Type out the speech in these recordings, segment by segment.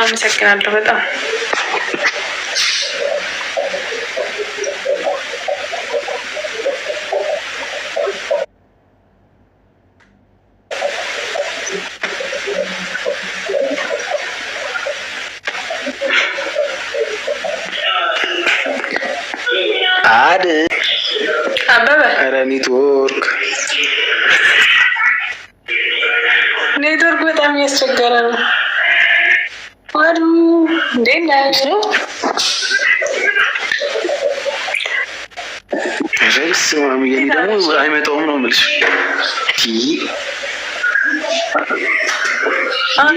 አመሰግናለሁ በጣም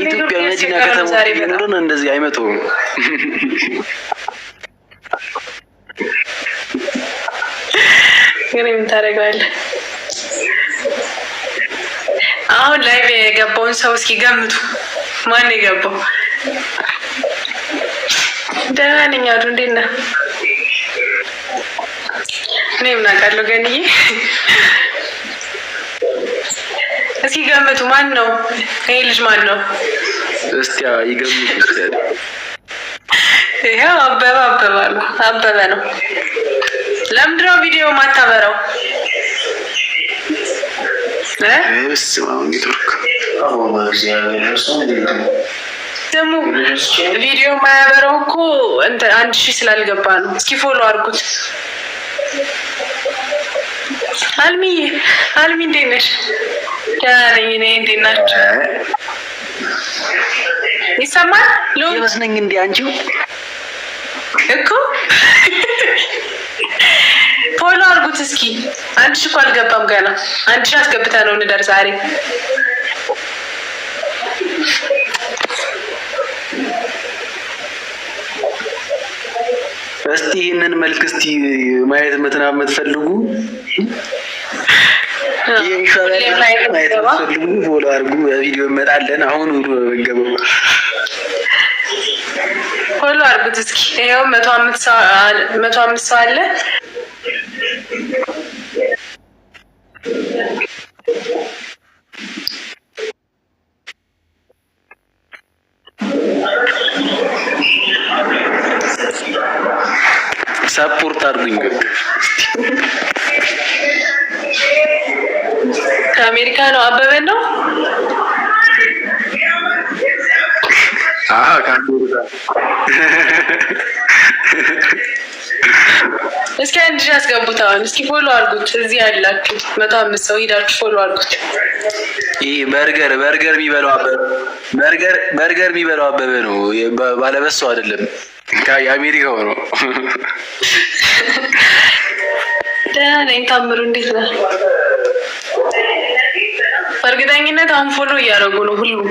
የኢትዮጵያ መዲና ከተማ ኖረን እንደዚህ አይመጡም። ግን የምታደርገዋል። አሁን ላይ የገባውን ሰው እስኪ ገምቱ። ማን የገባው? ደህና ነኝ አሉ። እንዴት ነህ? እኔ ምን አውቃለሁ ገንዬ ገምቱ። ማን ነው ይሄ ልጅ? ማን ነው እስቲ ይገምቱ። ይኸው አበበ አበባ ነው አበበ ነው። ለምንድን ነው ቪዲዮ ማታበረው? ደግሞ ቪዲዮ ማያበረው እኮ አንድ ሺህ ስላልገባ ነው። እስኪ ፎሎ አድርጉት። አልሚ አልሚ እንዴት ነሽ? ደህና ነኝ። እኔ እንዴት ይሰማል ይመስለኝ። እንዲ አንቺው እኮ ፖሎ አድርጉት እስኪ። አንድ ሺህ እኮ አልገባም ገና። አንድ አስገብተ ነው እንደር ዛሬ እስቲ ይህንን መልክ እስቲ ማየት ምትና የምትፈልጉ ማየት ፎሎ አድርጉ። በቪዲዮ እንመጣለን። አሁን ውዱ በመገበው ፎሎ አድርጉት እስኪ። ይኸው መቶ አምስት ሰው አለ። ሰፖርት አድርጉኝ። ከአሜሪካ ነው። አበበ ነው እስኪ አንድ ሺ አስገቡት። አሁን እስኪ ፎሎ አድርጉት። እዚህ ያላችሁ መቶ አምስት ሰው ሂዳችሁ ፎሎ አድርጉት። ይህ በርገር በርገር የሚበላው አበበ በርገር በርገር የሚበላው አበበ ነው። ባለበሱ አይደለም የአሜሪካው ነው። ደህና ነኝ ታምሩ፣ እንዴት ነህ? በእርግጠኝነት አሁን ፎሎ እያደረጉ ነው። ሁሉ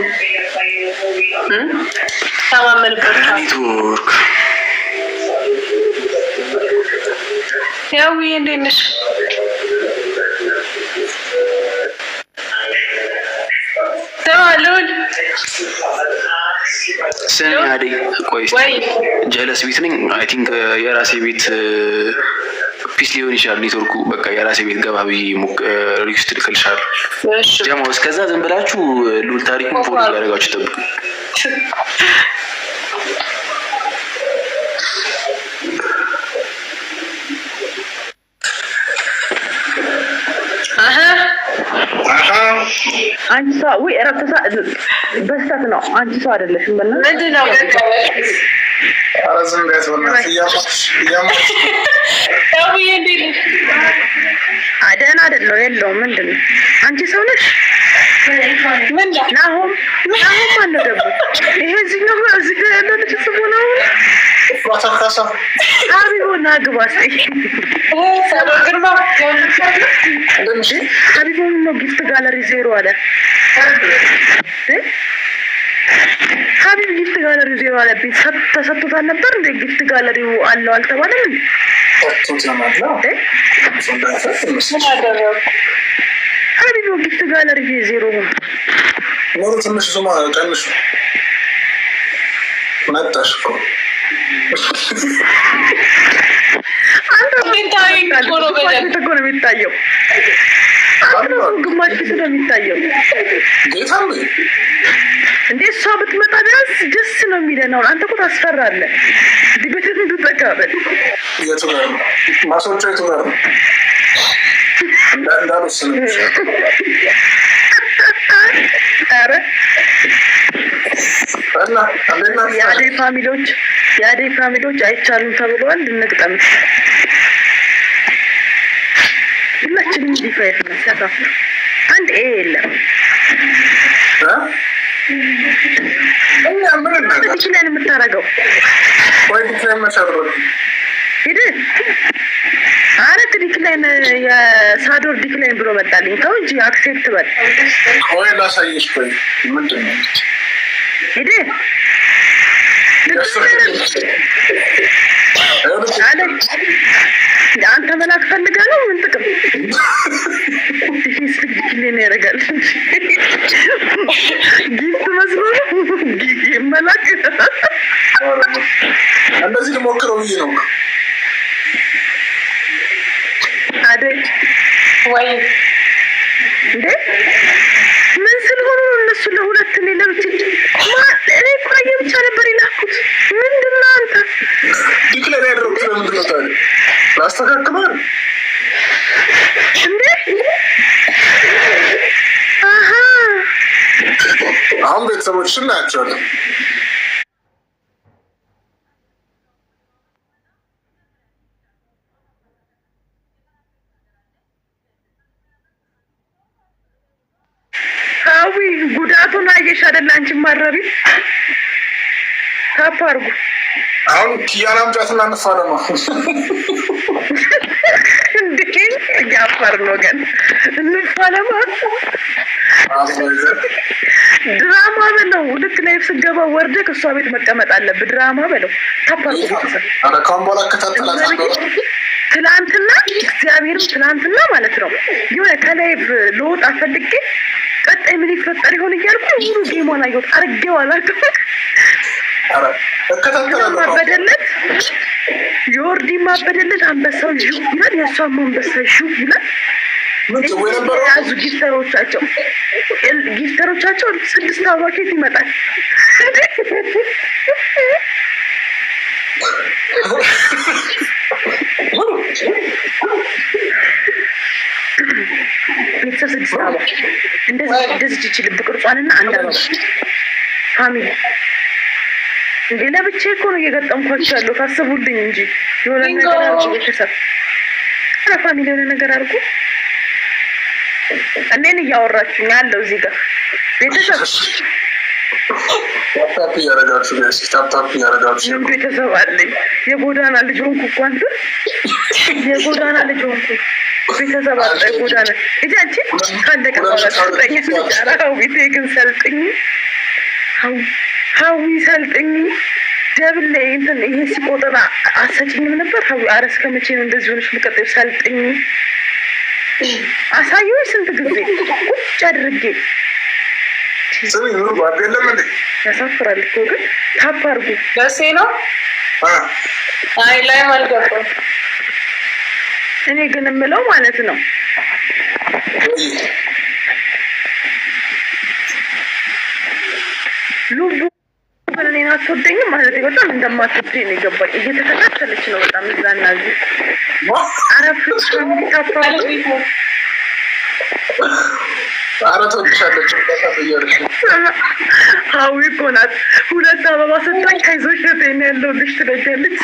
ተማመንበት። ያው እንዴት ነሽ? ተማሉን ስሚ አደይ ቆይ ጀለስ ቤት ነኝ። አይ ቲንክ የራሴ ቤት ፒስ ሊሆን ይችላል ኔትወርኩ። በቃ የራሴ ቤት ገባ ብዬ ሪኩስት ልክልሻል ጀማ። እስከዛ ዝም ብላችሁ ሉል ታሪኩን ፎ ያደረጋችሁ ጠብቁ። አንሳ ወይ በስተት ነው። አንቺ ሰው አይደለሽም። ምንድነው ደህና አይደለው የለው ምንድን ነው? አንቺ ሰው ነሽ። ናሁም ናሁም አለ ደግሞ ይሄ እዚህኛው እዚህ ያለ ልጅ ስሙ ነው ጊፍት ጋለሪ ዜሮ አለ። ሀቢብ ጊፍት ጋለሪ ዜሮ አለ። ተሰጥቶታል ነበር እንደ ጊፍት ጋለሪው አለው አልተባለም። ሀቢብ ጊፍት ጋለሪ ዜሮ ኖሩ ትንሽ ዙማ ቀንሱ መጣሽ ነው የሚታየው። ግማሽ ፊት ነው የሚታየው። እንዴ እሷ ብትመጣ ቢያንስ ደስ ነው የሚለን። አሁን አንተ እኮ ታስፈራለህ። ድቤትን ትጠቀበል ማስወጫ የቱ ጋር ነው እንዳልወሰነ ኧረ የአዴ ፋሚሊዎች የአደይ ፋሚሊዎች አይቻሉም ተብለዋል። እንግጠም ሁላችንም ዲፋይፍ ነው ሲያሳፍሩ አንድ ኤ የለም። ዲክላይን የምታደርገው ሂድ አረት ዲክላይን የሳዶር ዲክላይን ብሎ መጣልኝ። ተው እንጂ አክሴፕት በል። ወይ ላሳየሽ። ቆይ ምንድን ነው አንተ መላክ ፈልገህ ነው? ምን ጥቅም ሌን ያደርጋል ጊፍት መስሎ መላክ። እንደዚህ ልሞክረው ብዬ ነው። አደይ ወይ እንዴ ምን ስለሆኑ እነሱ ለሁለት እኔ እኔ ፋየ ብቻ ነበር የላኩት። ምንድን ነው አንተ ዲክለር ያደረጉት? ለምንድን ነው ታዲያ ላስተካክሏል እንዴ? አሁን ቤተሰቦችን እናያቸዋለን። አድርጉ። አሁን ኪያን አምጫት እናነሳለ ነው እንዴ? እያፈር ነው ግን እንፋለማ ድራማ በለው። ልክ ላይ ስገባ ወርደ ከእሷ ቤት መቀመጥ አለብ። ድራማ በለው። ቤተሰብ ትላንትና እግዚአብሔርም ትላንትና ማለት ነው የሆነ ከላይ ልወጣ ፈልጌ ቀጣይ ምን ይፈጠር ይሆን እያልኩ ሙሉ ጌሟን አየሁት። አርጌዋላ አላውቅም ማበደለት የወርዲ ማበደለት አንበሳው ዥ ይላል። የእሷም አንበሳ ዥ ይላል። ያዙ ጊፍተሮቻቸው ጊፍተሮቻቸው ስድስት አበባ ኬት ይመጣል። ቤተሰብ ስድስት አበባ እንደዚህ እንደዚህ ይችልብ ቅርጿንና አንድ አበባ ፋሚሊ እንዴ ለብቻ እኮ ነው እየገጠምኳቸው ያለው። ታስቡልኝ እንጂ የሆነ ነገር አርጉ፣ ቤተሰብ ኧረ ፋሚሊ የሆነ ነገር አርጉ። እኔን እያወራችሁኝ አለው እዚህ ጋር ቤተሰብ ታፕ እያረጋችሁ ታፕ እያረጋችሁ ምን ቤተሰብ አለኝ። የጎዳና ልጅ ሆንኩ እኮ አንተ የጎዳና ልጅ ሆንኩ። ቤተሰብ አለ የጎዳና ጎዳና እጃንቺ ከአንደ ቀባላ ሰልጠኝ፣ አራዊቴ ግን ሰልጥኝ አው ሀዊ ሰልጥኝ ደብል ላይ እንትን ይሄ ሲቆጠር አሰጭኝም ነበር ሀዊ አረ እስከ መቼ ነው እንደዚህ ሆነች ልቀጥል? ሰልጥኝ አሳየሁኝ። ስንት ጊዜ ቁጭ አድርጌ ያሳፍራል እኮ ግን ታፕ አድርጉ። ደሴ ነው አይ ላይ አልገባም። እኔ ግን የምለው ማለት ነው ሉቡ እኔን አትወደኝም ማለት በጣም እንደማትወደኝ ነው የገባኝ። እየተከታተለች ነው በጣም እዛና እዚህ አረፍ ሀዊ እኮ ናት። ሁለት አበባ ሰጣኝ ከይዞች ያለው ልጅ ትለጃለች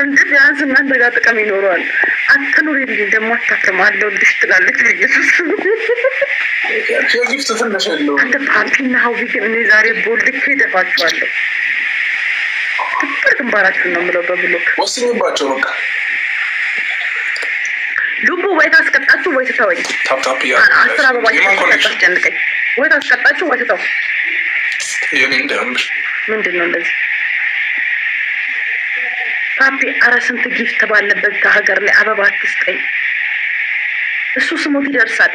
እንጂ ቢያንስ እናንተ ጋር ጥቅም ይኖረዋል። አትኑሪ እንዲ ደግሞ አታክም አለው ልሽ ትላለች። ኢየሱስ አንተ ፓርቲና ሀዊ ግን እኔ ዛሬ ቦልኬ ደፋችኋለሁ። ትበር ግንባራችሁን ነው የምለው። በብሎክ ወስኝባቸው በቃ ዱቡ ወይ ታስቀጣችሁ ወይ ትተወኝ። አስር አበባ አስጨንቀኝ ወይ ታስቀጣችሁ ወይ ትተው የኔ እንዳምር ምንድን ነው እንደዚህ ፓፒ፣ አረ ስንት ጊፍት ባለበት ሀገር ላይ አበባ አትስጠኝ። እሱ ስሞት ይደርሳል።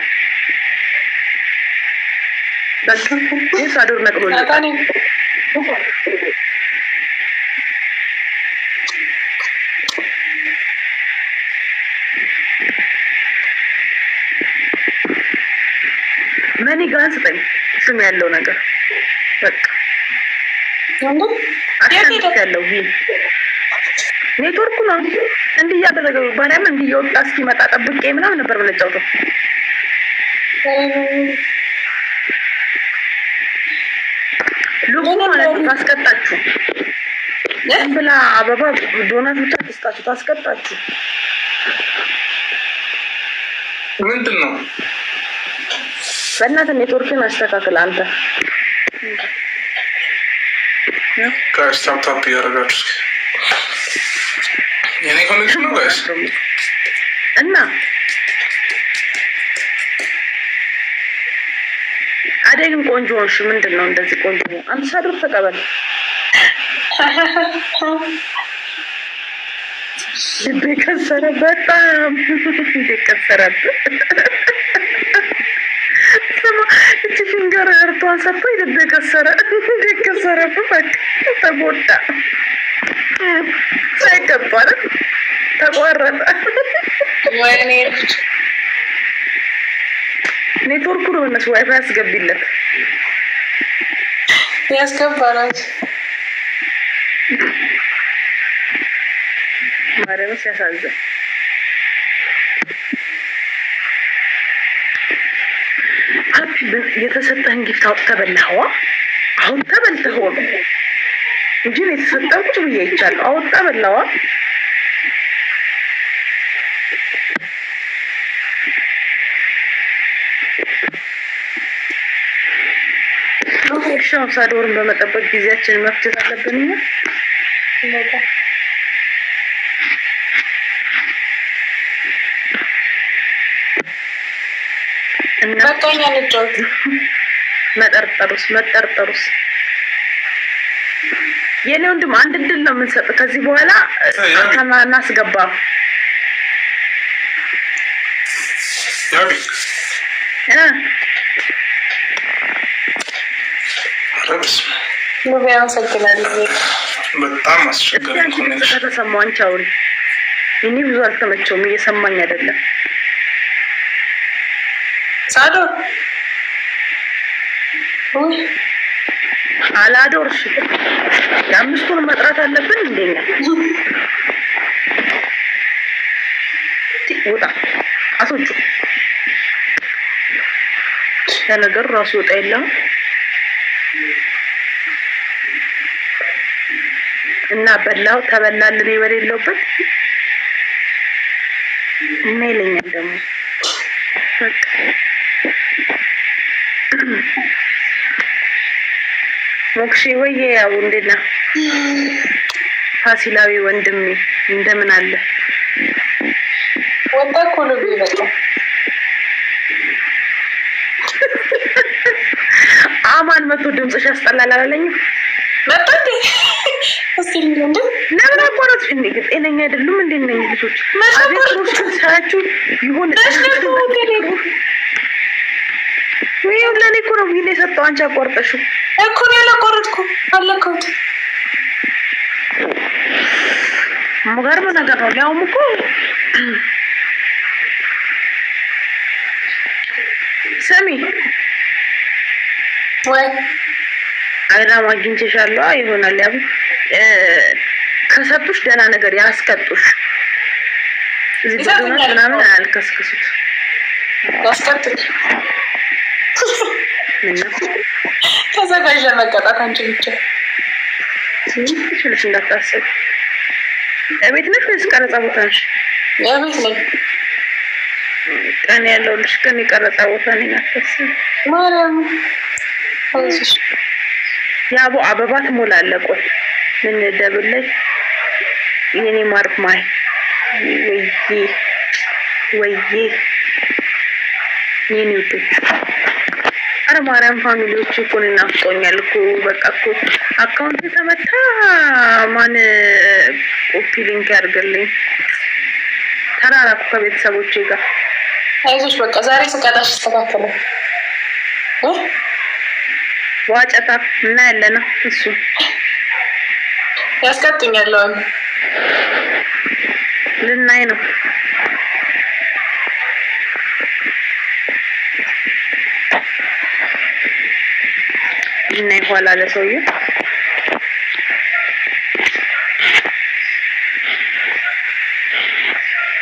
በቃ አዶር ነቅሎለታል። መኒ ጋር ስጠኝ ስም ያለው ነገር ያለው ኔትወርኩ ነው እንዲህ እያደረገ ባህሪያም እንዲህ እየወጣ እስኪመጣ ጠብቄ ምናምን ነበር ብለጫውቶ ልቁ ማለት ነው። ታስቀጣችሁ ብላ አበባ ዶናት ብቻ ትስጣችሁ። ታስቀጣችሁ ምንድን ነው? በእናትህ ኔትወርክን አስተካክል አንተ ጋይስ ታፕታፕ እያደረጋችሁ እስኪ የኔ ኮኔክሽን ነው ጋይስ እና አደይ ግን ቆንጆ ሆንሽ። ምንድን ነው እንደዚህ ቆንጆ ነው? አንድ ሳድር ተቀበል። ልቤ ከሰረ፣ በጣም ልቤ ከሰረብህ። ነገር እርቷን ሰጥቶኝ ልብ የከሰረ የከሰረ በቃ ተጎዳ። ሳይቀጧል ተቋረጠ። ወይኔ ኔትወርኩ ነው መሰለሽ። ዋይፋይ ያስገቢለት ያስገባላት ሲያሳዝን የተሰጠህን ጊፍት አውጥተህ በላህዋ። አሁን ተበልተህ ሆኖ እንጂ የተሰጠህ ቁጭ ብዬ ይቻለሁ አውጥተህ በላህዋ። ሻ ሳዶርን በመጠበቅ ጊዜያችንን መፍጀት አለብን። መጠርጠሩስ መጠርጠሩስ የኔ ወንድም አንድ ነው የምንሰጥ። ከዚህ በኋላ እናስገባ በጣም አስቸጋሪ እኔ ብዙ አልተመቸውም፣ እየሰማኝ አይደለም ሳዶር አላዶር የአምስቱን መጥራት አለብን። እንደኛ ውጣ አሶቹ ለነገሩ ራሱ ወጣ የለም እና በላው ተበላል። እኔ በሌለውበት እና ይለኛል ደግሞ ሞክሼ ወየ ያው እንዴት ነህ ፋሲላዊ ወንድሜ እንደምን አለ? ወጣ እኮ ነው የሚመጣው። አማን መቶ ድምፅሽ ያስጠላል አላለኝም። መጣ እንዴ ለምን አቋረጥሽ እንዴ? ጤነኛ አይደሉም እንዴ እነኝህ ልጆች? ሳያችሁ ይሁን ወይ ለኔ እኮ ነው ይሄን የሰጠው አንቺ አቋርጠሽው እኮ ነው ያላቆረጥኩ አለከውት ሙገርም ነገር ነው። ሊያውም እኮ ስሚ ወይ አይራም አግኝቼሻለሁ ይሆናል ያ ከሰጡሽ ደህና ነገር ያስቀጡሽ። ምናምን አያልከስክሱት ያስቀጡት ምነው ተዘጋጅ ለመቀጣት አንቺ ብቻ ትንሽ እንዳታስብ። ቤት ነሽ ወይስ ቀረጻ ቦታ ነሽ? ቤት ነኝ። ቀን ያለው ልጅ ቀን የቀረጻ ቦታ ነኝ። አታስብ ማርያም። ያቦ አበባ ትሞላለህ። ቆይ ምን ደብለኝ የኔ ማርክ ማይ ወይዬ ወይዬ የኔ ውዶች አረ ማርያም ፋሚሊዎች እኮ እናፍቆኛል እኮ በቃ እኮ አካውንት ተመታ። ማን ኮፒ ሊንክ ያድርግልኝ። ተራራኩ ከቤተሰቦቼ ጋር አይዞሽ። በቃ ዛሬ ስቀጣሽ ይስተካከለ ዋጨታ እና ያለና እሱ ያስቀጡኛለውን ልናይ ነው። ሂድና ይኋላ ለሰውዬ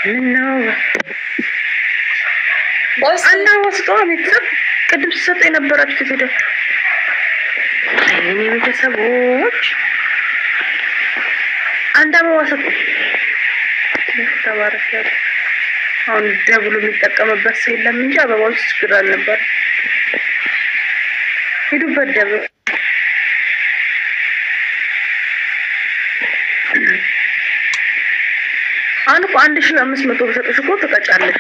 ምነው እና ወስጠዋ ቤተሰብ ቅድም ሲሰጥ የነበራችሁት ሄደ ቤተሰቦች አንድ አበባ አሁን ደብሎ የሚጠቀምበት ሰው የለም እንጂ አበባ ውስጥ ችግር ሂዱበት ደብር አልኩ። አንድ ሺህ አምስት መቶ ብሰጥሽ እኮ ትቀጫለሽ።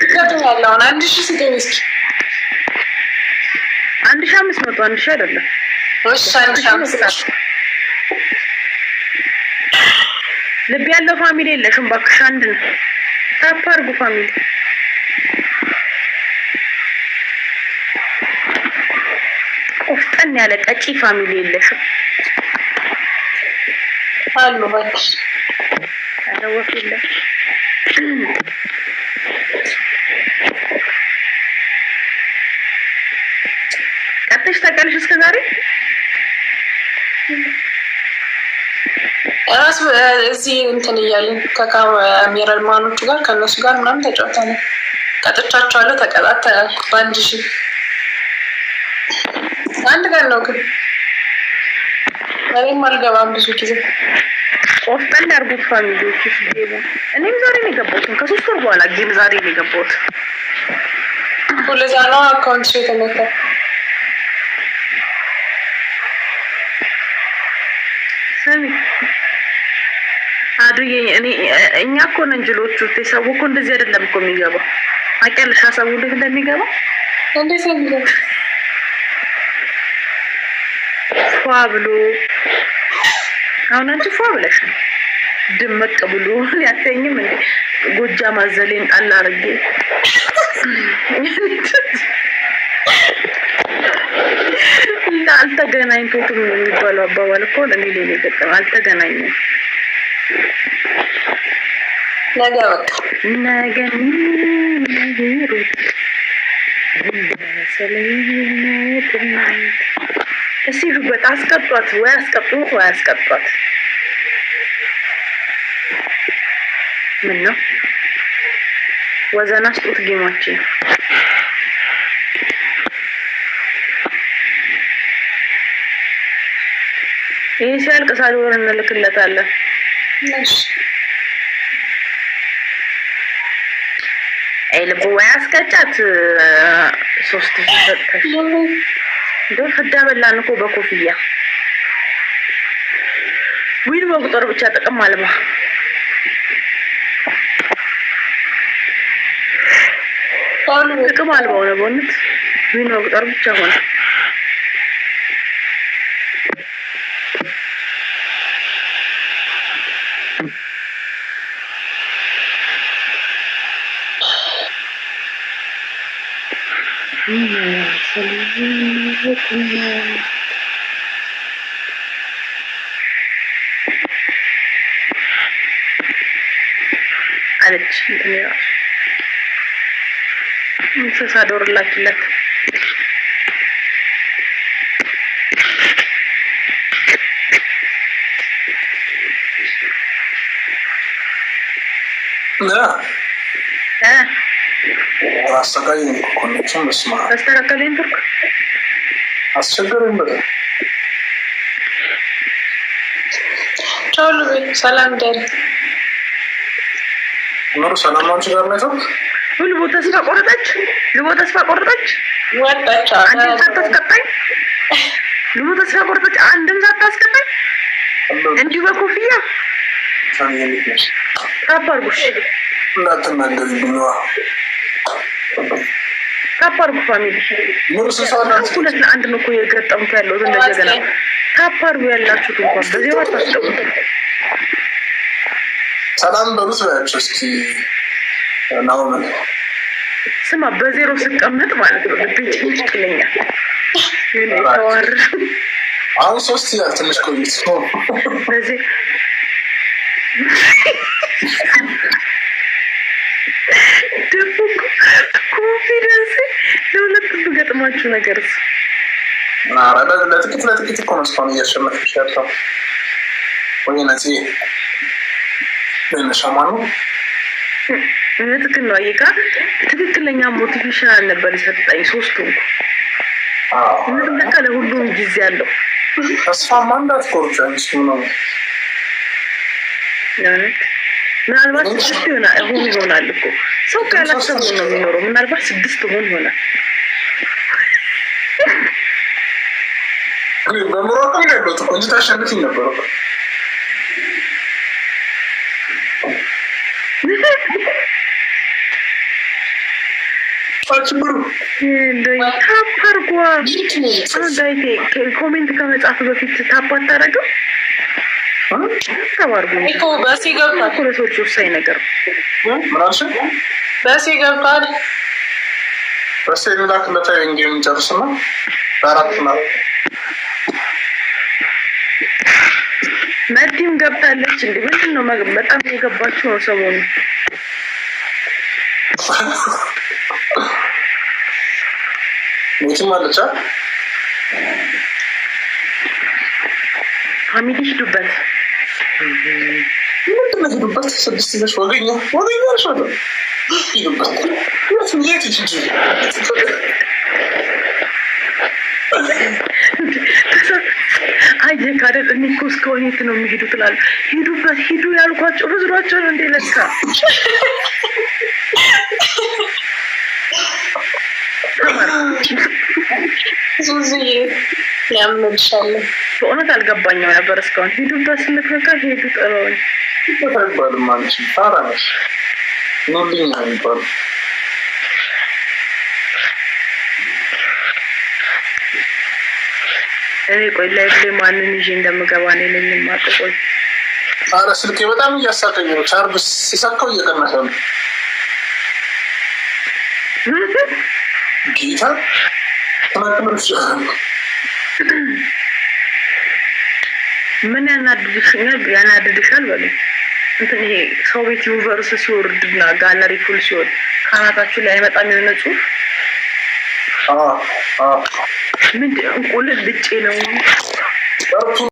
ትቀጭኛለህ። አንድ ሺህ ስጠኝ እስኪ። አንድ ሺህ አምስት መቶ አንድ ሺህ አይደለም። ልብ ያለው ፋሚሊ የለሽም እባክሽ። አንድ ነው ታፓርጉ ፋሚሊ ቀጠን ያለ ቀጪ ፋሚሊ የለሽም አሉ ባክሽ አረወፍ የለም። ቀጥሽ ታውቂያለሽ እስከ ዛሬ እራስ እዚህ እንትን እያለን ከካሜራማኖቹ ጋር ከእነሱ ጋር ምናምን ተጫውታለ። ቀጥቻቸዋለሁ። አለ በአንድ ሺህ ቀላል ነው ግን እኔም አልገባም ብዙ ጊዜ ቆፍጠን ያርጉት ፋሚሊዎች ጌሙ። እኔም ዛሬ ነው የገባሁት፣ ከሶስት ወር በኋላ ጌም ዛሬ ነው የገባሁት። ሁለዛ ነው አካውንት ሽ የተመታ ስሚ አዱዬ፣ እኔ እኛ እኮ ነን ጅሎቹ። ሰው እኮ እንደዚህ አይደለም እኮ የሚገባው። አውቂያለሽ ሰው እንደሚገባ እንዴት የሚገባ ፏ ብሎ አሁን አንቺ ፏ ብለሽ ነው ድምቅ ብሎ ያተኝም እንዴ ጎጃ ማዘሌን ጣል አድርጌ አልተገናኝቶትም የሚባለው አባባል እኮ ለእኔ ሌላ የገጠመው አልተገናኘም። ነገ ወጣ ነገ ነገሮች እሺ ሹበት አስቀጧት ወይ አስቀጡ ወይ አስቀጧት። ምን ነው ወዘና ስጡት ጌማችን ይህ ሲያልቅ ሳዶር እንልክለታለን። አይ ልቡ ወይ አስቀጫት ሶስት ሺህ እንደ ፍዳ በላን እኮ በኮፍያ ዊን መቁጠር ብቻ ጥቅም አልባ ጥቅም አልባ ሆነ። በእውነት ዊን መቁጠር ብቻ ሆነ አለች እንትን እንስሳ ዶር ላኪላት። አሰቃይ ኮኔክሽን ስማ አስተካከለኝ። ቱርክ አስቸገረኝ በጣም ቻሉ። ሰላም ደል ኖሩ ሰላም አንቺ ጋር ነው ቱርክ ልቦ ተስፋ ቆረጠች። ልቦ ተስፋ ቆረጠች። አንድም ሳታስቀጣኝ ልቦ ተስፋ ቆረጠች። አንድም ሳታስቀጣኝ እንዲሁ በኮፍያ ታባርጉሽ እንዳትናገሪ ብለዋ ታፓርኩ ፋሚሊ ሁለት ለአንድ ነው እኮ የገጠምኩ ያለሁት። እንደገና ታፓርኩ ያላችሁት እንኳን በዚህ ወር ታስቀሙት። ሰላም በሩት ያቸው እስኪ ናሆምን ስማ፣ በዜሮ ስቀመጥ ማለት ነው ልብ ትንሽ ይለኛል። ተዋር አሁን ሶስት ይላል ትንሽ ቆይት በዚህ ደግሞ ኮንፊደንስ ለሁለት ብገጥማችሁ ነገር ለጥቂት ለጥቂት እኮ ነው እስካሁን ያለው። ወይ ነዚህ ነሻማ ነው ትክክል ነው። አይቃ ትክክለኛ ሞቲቬሽን ነበር የሰጠኝ ሶስቱ። እውነትም በቃ ለሁሉም ጊዜ አለው። ተስፋ ማንዳት ኮርጫ ነው ምናልባት ይሆናል ይሆናል እኮ ሰው ካላሰቡ ነው የሚኖረው። ምናልባት ስድስት ሆን ይሆናል። በምሮቅም ያለት ነበረ። ኮሜንት ከመጻፍ በፊት ታፕ አታረግም። ታፕ አድርጎ ወሳኝ ነገር ነው። በሴ ገብቷል። በሴ ላክለታ ንጌም የምንጨርስ ነው በአራት ማለት መዲም ገብታለች። እንዲ ምንድን ነው በጣም የገባችሁ ነው ሰሞኑ ሞትም አለቻ ፋሚሊ ሂዱበት ምንድነው ሂዱበት ስድስት ይዘሽ ወገኛ ወገኛ ሸ አየህ ካደል እኔ እኮ እስከሆነ የት ነው የሚሄዱ ትላል። ሂዱበት ሂዱ ያልኳቸው ህዝሯቸውን እንደ ለካ በእውነት አልገባኝም ነበር እስካሁን ሂዱበት ሄዱ ጥለውኝ ኑልኝ ነው የሚባለው። እኔ ቆይ ላይ ብሌ ማንን ይዤ እንደምገባ እኔ ነኝ ቆይ አረ ስልኬ በጣም እያሳቀኝ ነው። ቻርጅ ሲሰካው እየቀነሰ ነው። ጌታ ምን ያናድድሽ ያናድድሻል በለኝ እንትን ይሄ ሰው ቤት ዩኒቨርስ ሲወርድና ጋለሪ ፉል ሲወርድ ካናታችሁ ላይ አይመጣም የሆነ ጽሁፍ ምንድን እንቁልል ልጬ ነው።